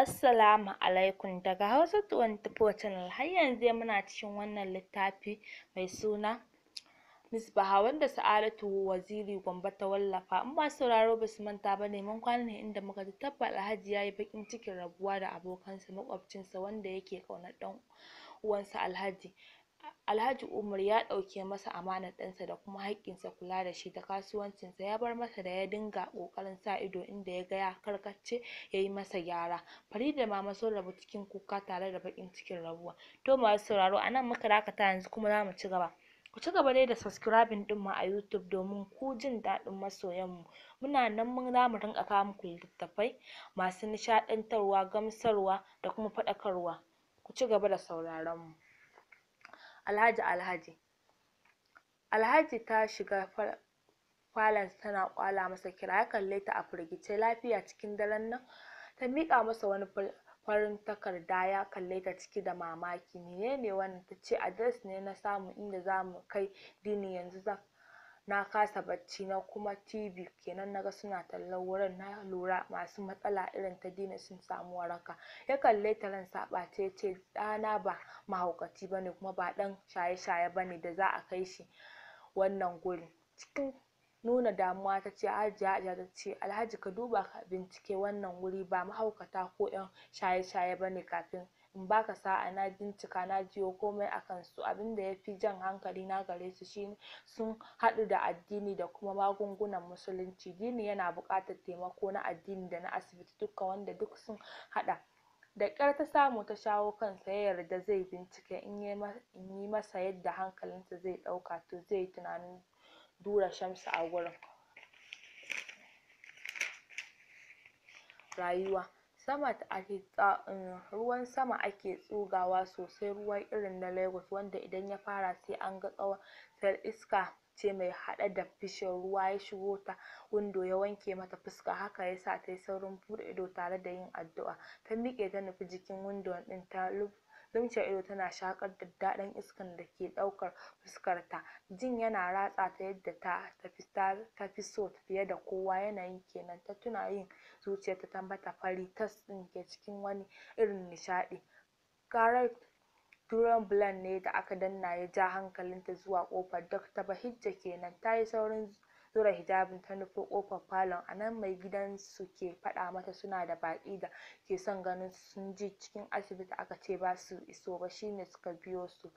Assalamu alaikum daga Hausa 24 Channel har yanzu muna cikin wannan littafi mai suna bahawa wanda Sa'adatu Waziri Gombe ta wallafa in ba sauraro ba su manta ba ne mun kwana ne inda muka ji tabba Alhaji yi bakin cikin rabuwa da abokansa makwabcinsa wanda yake ƙaunar ɗan uwansa Alhaji Alhaji Umar ya ɗauke masa amanar ɗansa da kuma haƙƙinsa kula da shi da kasuwancinsa ya bar masa da ya dinga ƙoƙarin sa ido inda ya ga ya karkace ya yi masa gyara. Farida da Mama sun rabu cikin kuka tare da baƙin cikin rabuwa. To masu sauraro a nan muka dakata yanzu kuma za ci gaba. Ku ci gaba dai da subscribing ɗin mu a YouTube domin ku jin daɗin masoyanmu. Muna nan mun za mu rinƙa kawo muku littattafai masu nishaɗantarwa, gamsarwa da kuma faɗakarwa. Ku ci gaba da sauraron mu. alhaji alhaji alhaji ta shiga falon tana kwala masa kira ya kalle ta a firgice lafiya cikin daren nan ta miƙa masa wani farin takarda ya kalle ta ciki da mamaki menene wannan tace ce adres ne na samu inda zamu kai dini yanzu zan na kasa bacci na kuma TV kenan naga suna tallan wurin na lura masu matsala irin ta dina sun samu waraka ya kalle ta ran a ɓace yace ɗana ba mahaukaci bane kuma ba ɗan shaye-shaye bane da za a kai shi wannan guri cikin nuna damuwa tace Hajiya Hajiya tace Alhaji ka duba ka bincike wannan wuri ba mahaukata ko ƴan shaye-shaye bane kafin in baka sa'a na bincika na jiyo komai akan su abinda ya fi jan hankali na gare su shine sun haɗu da addini da kuma magungunan musulunci gini yana buƙatar taimako na addini da na asibiti dukka wanda duk sun haɗa da ƙyar ta samu ta shawo kansa ya yarda zai bincike in yi masa yadda hankalinsa zai ɗauka to zai yi tunanin dura Shamsu a gurin rayuwa samad ake um, ruwan sama ake tsugawa sosai ruwa irin na Lagos wanda idan ya fara sai an ga tsawon sai iska ce mai haɗe da fishin ruwa ya shigo ta windo ya wanke mata fuska haka yasa tayi saurin buɗe ido tare da yin addu'a ta miƙe ta nufi jikin windo ɗin ta zuciyar ido tana shakar daddaɗan iskar da ke ɗaukar fuskarta jin yana ratsa ta yadda ta tafi ta fi so fiye da kowa yanayin kenan ta tuna yin zuciyar ta tambata fari tas ɗin ke cikin wani irin nishaɗi ƙarar turon bulan ne da aka danna ya ja hankalinta zuwa ƙofar ta Bahijja kenan tayi saurin zura hijabin ta nufo ƙofar falon a nan mai gidan su ke faɗa mata suna da baƙi da ke son ganin sun je cikin asibiti aka ce ba su iso ba shine suka biyo su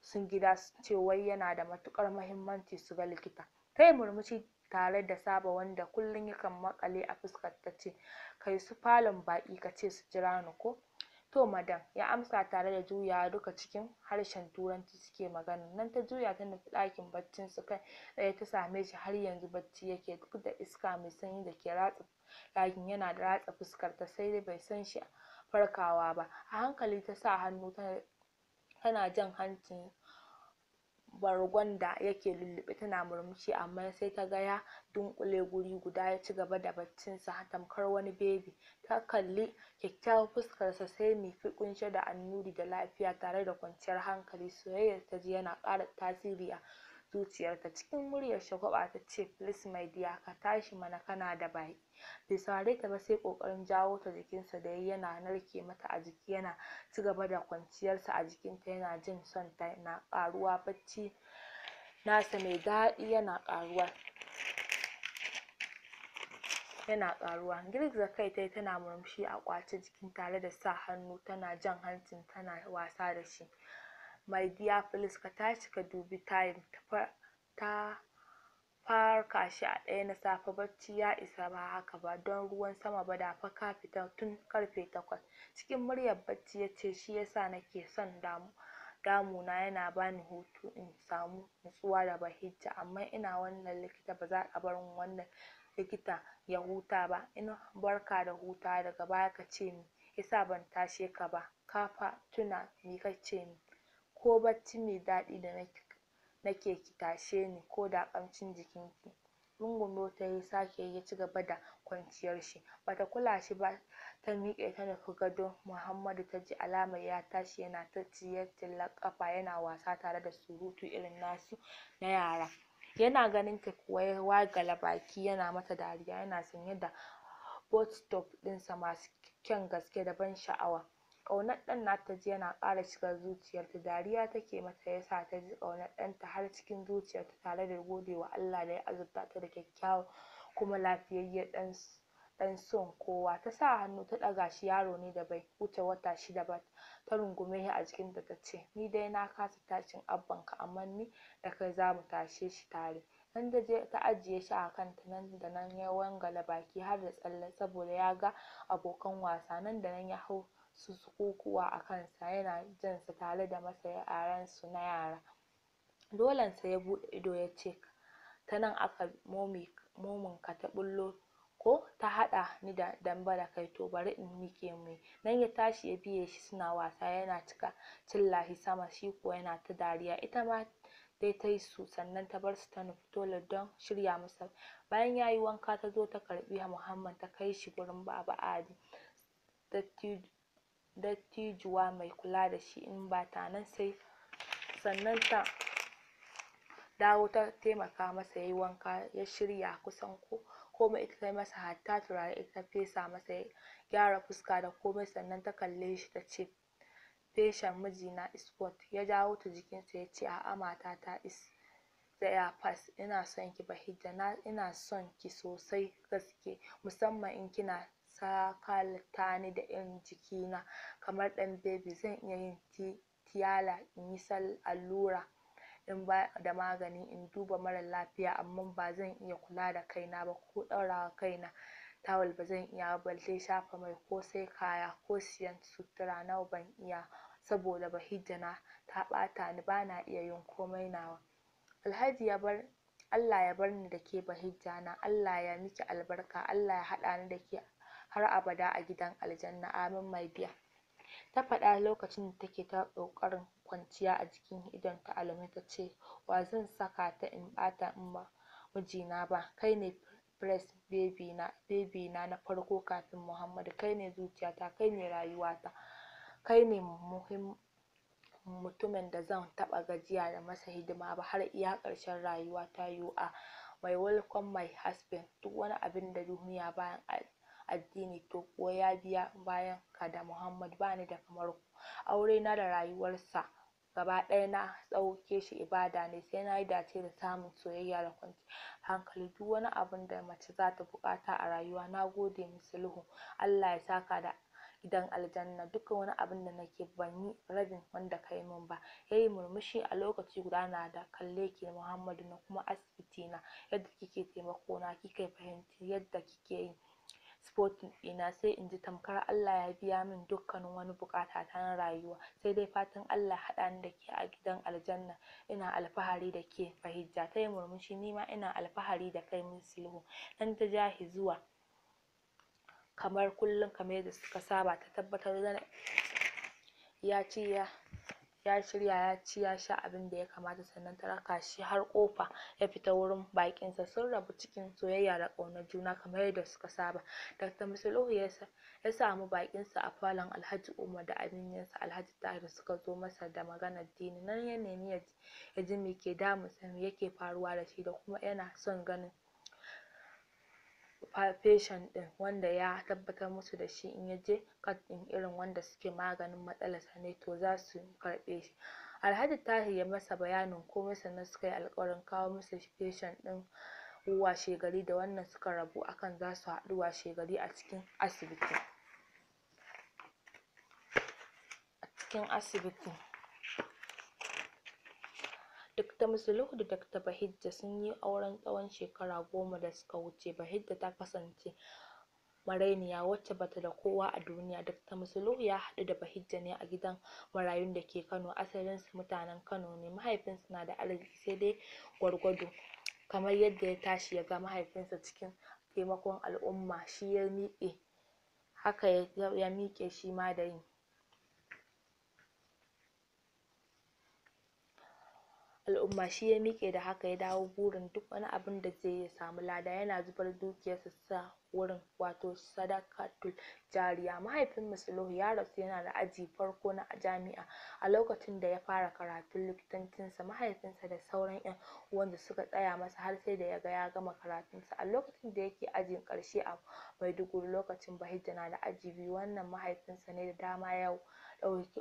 sun gida ce wai yana da matuƙar muhimmanci su ga likita ta yi murmushi tare da saba wanda kullum yakan maƙale a fuskar ta ce kai su falon baƙi ka ce su jira ni ko to madam ya amsa tare da juyawa duka cikin harshen turanci suke magana nan ta juya ta nufi ɗakin baccin su kai tsaye ta same shi har yanzu bacci yake duk da iska mai sanyi da ke ratsa ɗakin yana da ratsa fuskar ta sai dai bai san shi farkawa ba a hankali ta sa hannu tana jan hancin bargon da yake lulluɓe tana murmushi amma sai ta ga ya dunƙule guri guda ya ci gaba da baccinsa tamkar wani bebi ta kalli kyakkyawar fuskarsa sai miƙi ƙunshe da annuri da lafiya tare da kwanciyar hankali soyayyar ta ji yana ƙara tasiri a zuciyarta cikin muryar shagwaɓa ta ce please my dear ka tashi mana kana da baki bai saurare ta ba sai ƙoƙarin jawo ta jikinsa da yayi yana narke mata a jiki yana ci gaba da kwanciyarsa a jikinta yana jin son ta na ƙaruwa bacci nasa mai daɗi yana ƙaruwa yana ƙaruwa girgiza kai tayi tana murmushi a ƙwace jikin tare da sa hannu tana jan hancin tana wasa da shi my dear please ka tashi ka dubi time ta farka shi a ɗaya na safe bacci ya isa ba haka ba don ruwan sama ba da fa ka fita tun karfe takwas cikin muryar bacci ya ce shi yasa nake son damu damuna yana bani hutu in samu nutsuwa da bahijja amma ina wannan likita ba za a bar wannan likita ya huta ba in barka da hutawa daga baya ka ce me yasa ban tashe ka ba ka fa tuna me ka ce min ko bacci mai daɗi da nake ki tashe ni ko da ƙamshin jikinki rungume ya sake ya ci gaba da kwanciyar shi bata kula shi ba ta miƙe ta nufi gado Muhammadu ta ji alamar ya tashi yana ta tsiye-tsillen ƙafa yana wasa tare da surutu irin nasu na yara yana ganin ta kuwa ya wagale baki yana mata dariya yana sanye da bot top ɗinsa masu kyan gaske da ban sha'awa ƙaunar ɗan nata ji yana ƙara shiga zuciyarta dariya take mata yasa ta ji ƙaunar ɗanta har cikin zuciyarta tare da godewa Allah da ya azurta ta da kyakkyawan kuma lafiyayyen ɗan ɗan son kowa ta sa hannu ta ɗaga shi yaro ne da bai wuce wata shida ba ta rungume shi a jikinta ta ce ni dai na kasa tashin abbanka amma ni da kai za mu tashe shi tare nan da je ta ajiye shi a kanta nan da nan ya wangala baki har da tsalle saboda ya ga abokan wasa nan da nan ya hau su a kansa yana jansa tare da masa ransu na yara dolensa ya buɗe ido ya ce ta nan aka ka ta ɓullo ko ta haɗa ni da damba da kai to bari in miƙe mai nan ya tashi ya biye shi suna wasa yana cika lahi sama shi kuwa yana ta dariya ita ma dai tayi su sannan ta bar su ta nufi tolar don shirya masa bayan yayi wanka ta zo ta karɓi Muhammad ta kai shi gurin Baba Ali dattijo dattijuwa mai kula da shi in ba ta nan sai sannan ta dawo ta taimaka masa yayi wanka ya shirya kusan ko komai ita tayi masa hatta turare ita ta fesa masa ya gyara fuska da komai sannan ta kalle shi ce feshen mijina is hot ya dawo ta jikinsa yace a'a ta is tsaya fas ina son ki Bahijja na ina son ki sosai gaske musamman in kina sakata ni da ƴan jikina kamar ɗan bebi zan iya yin tiyala in yi allura in ba da magani in duba mara lafiya amma ba zan iya kula da kaina ba ko ɗaurawa kaina tawul ba zan iya ba balle shafa mai ko sai kaya ko siyan sutura nawa ban iya saboda bahijjana ta ɓata ni bana iya yin komai nawa Alhaji ya bar Allah ya bar ni da ke bahijjana Allah ya miki albarka Allah ya haɗa ni da ke har abada a gidan aljanna amin mai biya ta faɗa lokacin da take ta ƙoƙarin kwanciya a jikin idonta alamai ta ce wa zan saka ta in bata in ba mijina ba kai ne first baby na baby na na farko kafin muhammadu kai ne zuciyata kai ne rayuwata kai ne muhim mutumin da zan taɓa gajiya da masa hidima ba har iya ƙarshen rayuwata you are my welcome my husband duk wani abin da duniya bayan addini to kuwa ya biya bayan ka da Muhammad bani da kamar ku aure na da rayuwarsa gaba ɗaya na ɗauke shi ibada ne sai na yi dace da samun soyayya da kwanciyar hankali duk wani abun da mace za ta buƙata a rayuwa na gode sulhu Allah ya saka da gidan aljanna duk wani abun da nake ban yi rabin wanda ka yi min ba ya yi murmushi a lokaci guda na da kalle ki Muhammadu na kuma asibiti na yadda kike taimako na kika fahimci yadda kike yi sporting ina sai in ji tamkar Allah ya biya min dukkanin wani bukata ta na rayuwa sai dai fatan Allah haɗa ni da ke a gidan aljanna ina alfahari da ke fahijja ta yi murmushi nima ina alfahari da kai sulhu nan ta shi zuwa kamar kullum kamar yadda suka saba ta tabbatar ya ci ya ya shirya ya ci ya sha abin da ya kamata sannan ta raka shi har ƙofa ya fita wurin baƙinsa sun rabu cikin soyayya da ƙaunar juna kamar yadda suka saba Dr. Musuluhu ya ya samu baƙinsa a falon Alhaji Umar da sa Alhaji Tahir suka zo masa da maganar dini nan ya nemi ya ji me ke damunsa me yake faruwa da shi da kuma yana son ganin patient ɗin wanda ya tabbatar musu da shi in ya je kat ɗin irin wanda suke maganin matsalarsa ne to zasu su karɓe shi Alhaji Tahir ya masa bayanin komai sannan suka yi alƙawarin kawo masa patient ɗin washegari da wannan suka rabu akan zasu su haɗu washegari a cikin asibiti a cikin asibiti duk ta Muslihu da Dr. Bahijja sun yi auren tsawon shekara goma da suka wuce. Bahijja ta kasance marainiya wacce bata da kowa a duniya. duk Dr. Muslihu ya haɗu da Bahijja ne a gidan marayun da ke Kano. su mutanen Kano ne. Mahaifinsu na da arziki sai dai gwargwado. Kamar yadda ya tashi ya ga mahaifinsa cikin taimakon al'umma shi ya miƙe haka ya miƙe shi ma da yi. al'umma shi ya miƙe da haka ya dawo burin duk wani abin da zai ya samu lada yana zubar dukiyarsa sa wurin wato sadakatul jariya mahaifin Musuluhu ya rasu yana da aji farko na jami'a a lokacin da ya fara karatun likitancinsa mahaifinsa da sauran ƴan wanda suka tsaya masa har sai da ya ga ya gama karatunsa a lokacin da yake ajin karshe a Maiduguri lokacin Bahijja na da aji biyu wannan mahaifinsa ne da dama ya ɗauki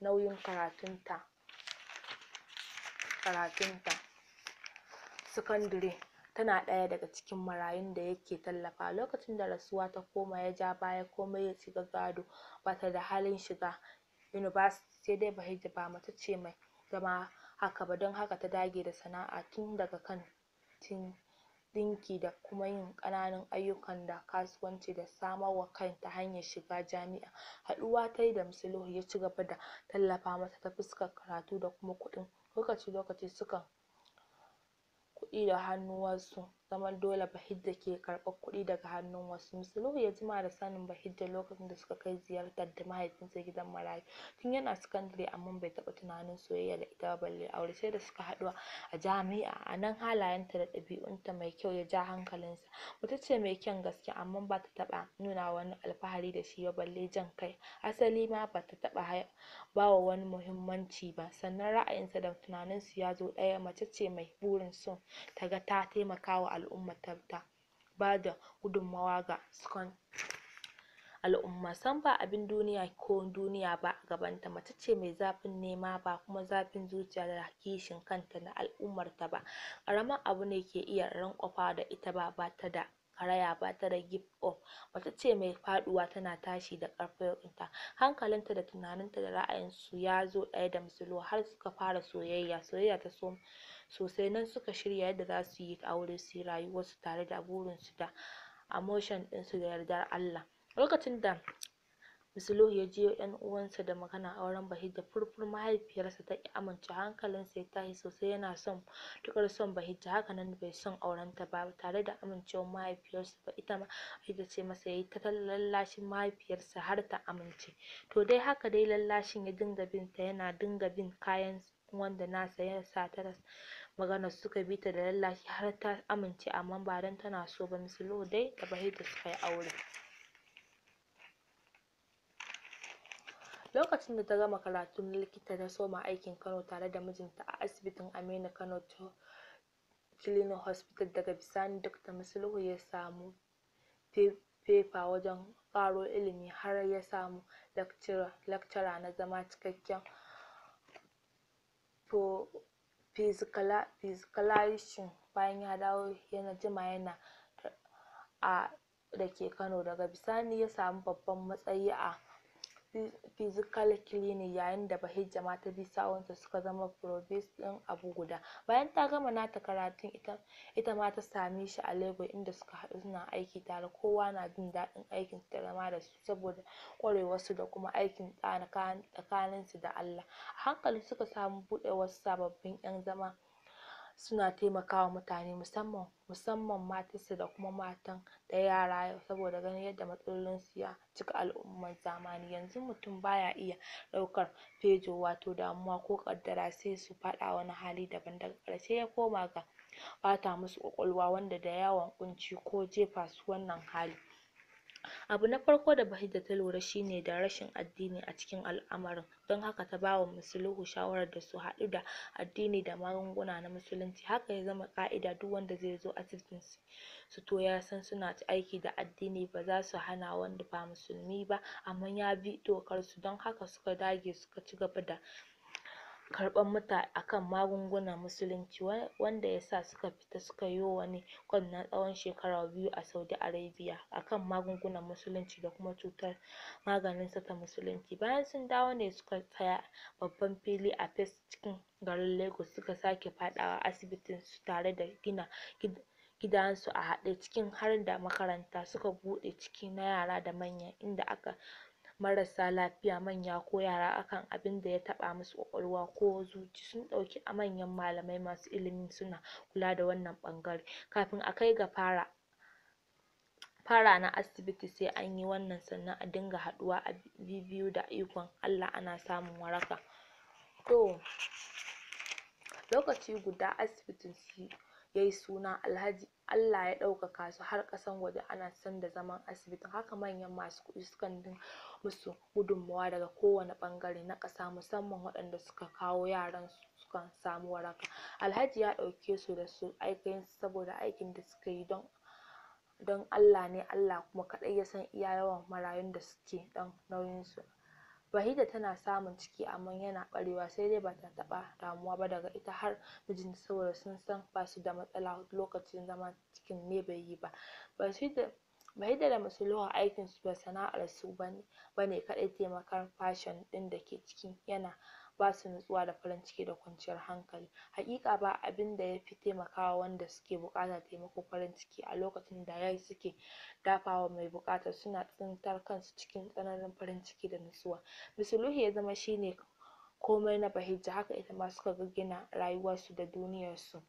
nauyin karatunta karatunta sakandare tana ɗaya daga cikin marayun da yake tallafa lokacin da rasuwa ta koma ya ja baya komai ya shiga gado ba ta da halin shiga university sai dai Bahijja ba mace ce mai zama haka ba don haka ta dage da sana'a tun daga kan tin ɗinki da kuma yin ƙananan ayyukan da kasuwanci da samar wa ta hanyar shiga jami'a haɗuwa ta yi da Musilihu ya ci da tallafa mata ta fuskar karatu da kuma kuɗin lokaci lokaci sukan kuɗi da hannu wasu zaman dole Bahijja ke karɓar kuɗi daga hannun wasu. Suluhu ya jima da sanin Bahijja lokacin da suka kai ziyartar da mahaifinsa gidan marayu. Tun yana sakandare amma bai taɓa tunanin soyayya da ita ba balle aure sai da suka haɗu a jami'a. A nan halayenta da ɗabi'unta mai kyau ya ja hankalinsa. Mace ce mai kyan gaske amma ba ta taɓa nuna wani alfahari da shi ba balle jan kai. Asali ma ba ta taɓa ba wa wani muhimmanci ba. Sannan ra'ayinsa da tunaninsu ya zo ɗaya mace ce mai burin so ta ga ta taimaka wa al'umma ta bada gudunmawa ga sukan al'umma sam ba abin duniya ko duniya ba a gabanta mace ce mai zafin nema ba kuma zafin zuciya da kishin kanta na al'ummar ta ba ƙaramar abu ne ke iya rankwafa da ita ba bata da karaya ba ta da give up mace ce mai faɗuwa tana tashi da ƙarfinta hankalinta da tunaninta da ra'ayinsu ya zo ɗaya da musulo har suka fara soyayya soyayya ta so sosai nan suka shirya yadda za su yi aure su yi rayuwarsu tare da burinsu da emotion ɗinsu da yardar Allah lokacin da Mislohu ya je ‘yan uwansa da magana auren bahijja da furfur mahaifiyarsa ta ƙi amincewa hankalinsa ya tashi sosai yana son matuƙar son Bahijja haka nan bai son aurenta ba tare da amincewar mahaifiyarsa ba ita ma Bahijja ce masa ya yi ta lallashin mahaifiyarsa har ta amince. To dai haka dai lallashin ya dinga bin ta yana dinga bin kayan wanda nasa ya sa ta magana suka bi ta da lallashi har ta amince amma ba don tana so ba Mislohu dai da Bahijja suka yi aure. lokacin da ta gama karatun likita ta soma aikin Kano tare da mijinta a asibitin Aminu Kano Clinic Hospital daga bisani Dr. Musluhu ya samu fefa wajen ƙaro ilimi har ya samu lecturer na zama cikakken physicalization bayan ya dawo yana jima yana a da ke Kano daga bisani ya samu babban matsayi a physical clinic yayin da Bahijja ma ta bi sawunta suka zama provost ɗin abu guda bayan ta gama nata karatun ita ita ma ta same shi a Lagos inda suka haɗu suna aiki tare kowa na jin daɗin aikin ta zama da su saboda ƙwarewar su da kuma aikin su da Allah a hankali suka samu buɗe wasu sababbin ƴan zama suna taimakawa mutane musamman musamman matansu da kuma matan da yara saboda ganin yadda su ya cika al'ummar zamani yanzu mutum baya iya ɗaukar fejo wato damuwa ko ƙaddara sai su faɗa wani hali daban daga ƙarshe ya koma ga ɓata musu ƙwaƙwalwa wanda da yawon ƙunci ko jefa su wannan hali abu na farko da Bahijja ta lura shine da rashin addini a cikin al'amarin don haka ta bawa musuluhu shawarar da su haɗu da addini da magunguna na musulunci haka ya zama ƙa'ida duk wanda zai zo asibitin su to ya san suna aiki da addini ba za su hana wanda ba musulmi ba amma ya bi dokar su don haka suka dage suka cigaba da karɓan muta akan magungunan musulunci wanda yasa suka fita suka yo wani kwan na tsawon shekara biyu a Saudi Arabia akan magungunan musulunci da kuma cutar maganin sata musulunci bayan sun dawo ne suka tsaya babban fili a fes cikin garin Lagos suka sake faɗawa asibitin su tare da gina gidansu a haɗe cikin har da makaranta suka buɗe ciki na yara da manya inda aka marasa lafiya manya ko yara akan abinda ya taɓa musu ƙwaƙwalwa ko zuci sun ɗauki manyan malamai masu ilimi suna kula da wannan ɓangare kafin a kai ga fara fara na asibiti sai an yi wannan sannan a dinga haɗuwa a bibiyu da ikon Allah ana samun waraka to lokaci guda asibitin yayi suna alhaji Allah ya ɗaukaka su har ƙasan waje ana son da zaman asibiti haka manyan masu kuɗi sukan din musu gudunmawa daga kowane ɓangare na ƙasa musamman waɗanda suka kawo yaran su sukan samu waraka alhaji ya ɗauke su da su aikin saboda aikin da suka yi don don Allah ne Allah kuma kaɗai ya san iya yawan marayun da suke ɗan nauyin su Wahida tana samun ciki amma yana barewa sai dai bata ta taɓa damuwa ba daga ita har mijinta saboda sun san basu da matsala lokacin zaman cikin ne bai yi ba. Bahija bai da masu aikin su da sana'ar su bane bane kaɗai taimakon din ɗin ke ciki yana basu nutsuwa da farin ciki da kwanciyar hankali haƙiƙa ba abin abinda yafi taimakawa wanda suke buƙatar taimako farin ciki a lokacin da rai suke dafawa mai buƙatar suna tsintar kansu cikin tsananin farin ciki da nutsuwa Miss ya zama shine komai na Bahijja haka itama suka gina rayuwar su da duniyar su.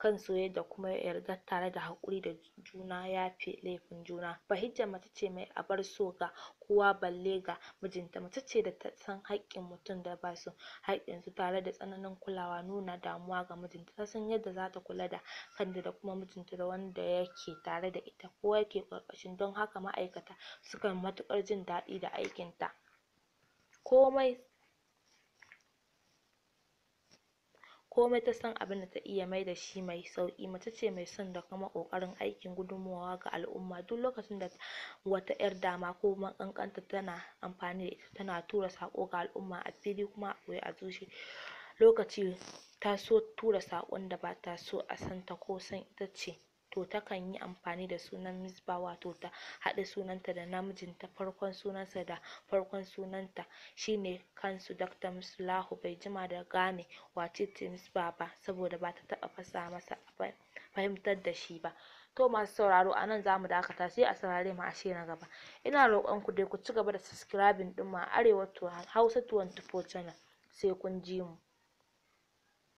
kan yadda da kuma yarda tare da haƙuri da juna yafe laifin juna bahijja mace ce mai abar so ga kowa balle ga mijinta mace ce da tasan san haƙƙin mutum da basu su tare da tsananin kulawa nuna damuwa ga mijinta ta san yadda zata kula da kanta da kuma mijinta da wanda yake tare da ita ko yake ƙarƙashin don haka ma'aikata sukan matuƙar jin daɗi da aikinta komai komai ta san abin da ta iya mai da shi mai sauƙi mace ce mai son da kuma ƙoƙarin aikin gudunmawa ga al'umma duk lokacin da wata 'yar dama ko ƙanƙanta tana amfani da ita tana tura saƙo ga al'umma a fili kuma a ɓoye a zuci lokaci ta so tura saƙon da ba ta so a san ta ko san ita ce to takan yi amfani da sunan misba wato ta haɗa sunanta da namijin ta farkon sunansa da farkon sunanta shine kansu Dr. musulahu bai jima da gane wace ce Misbah ba saboda ba ta taɓa fasa masa fahimtar da shi ba to masu sauraro a nan zamu dakata sai a saurare mu ashe na gaba ina roƙon ku dai ku ci gaba da subscribing ɗin mu a Arewa Hausa 24 channel sai kun ji mu